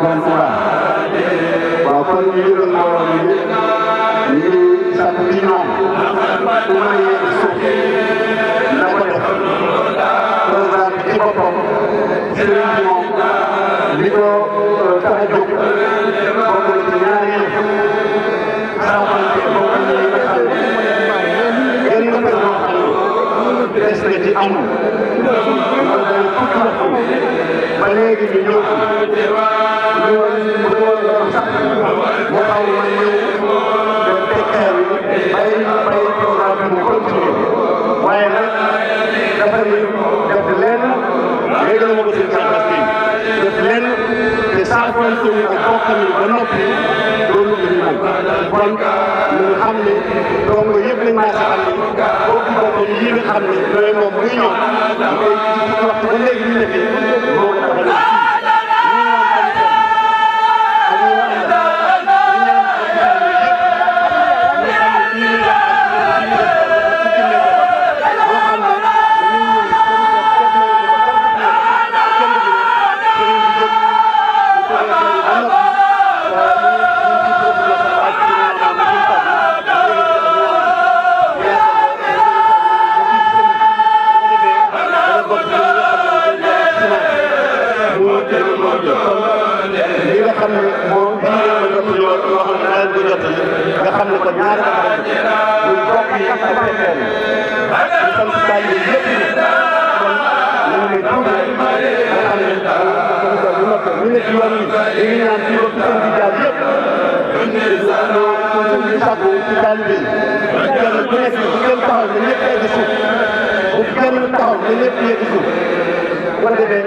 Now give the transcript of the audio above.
Borom Tuubaa waaw kon ñu yëgal mbooloo mi yëpp ñu ngi sant ci ñoom ku mën yéene suuf na ko def président bi ci boppam sëriñ bi moom li ko tax a jóg bokk na ci ñaari yëf saafante bokk na yi nga xam ne benn mbir moo xam ne des na ci amul loolu day tudd ba léegi ñu ñëw defal seen i koo noppi loolu la ñu mën kon ñu xam ne donc yëpp lañ naa saxal ni boobu boppam yii nga xam ne ñooy moom muy ñoom ñu koy waxtu ba léegi ñu ne xam ne moom bii la jot li woon loo xam ne nawet bi jot li nga xam ne ko ñaari ba tax a jóg bokk yi ak tekkeel ñu sant baal yi yëpp kon ñu ngi lay tuuti nga xam ne bu noppee ñu ne ci yoon yi dañuy ñaan ci yoon seen di jaar yëpp loo suñ di sàkku ci taalibe yi kenn ku nekk bu kenn taxaw ne ñëpp yegg suuf bu kenn taxaw ne ñëpp yegg suuf bu ko defee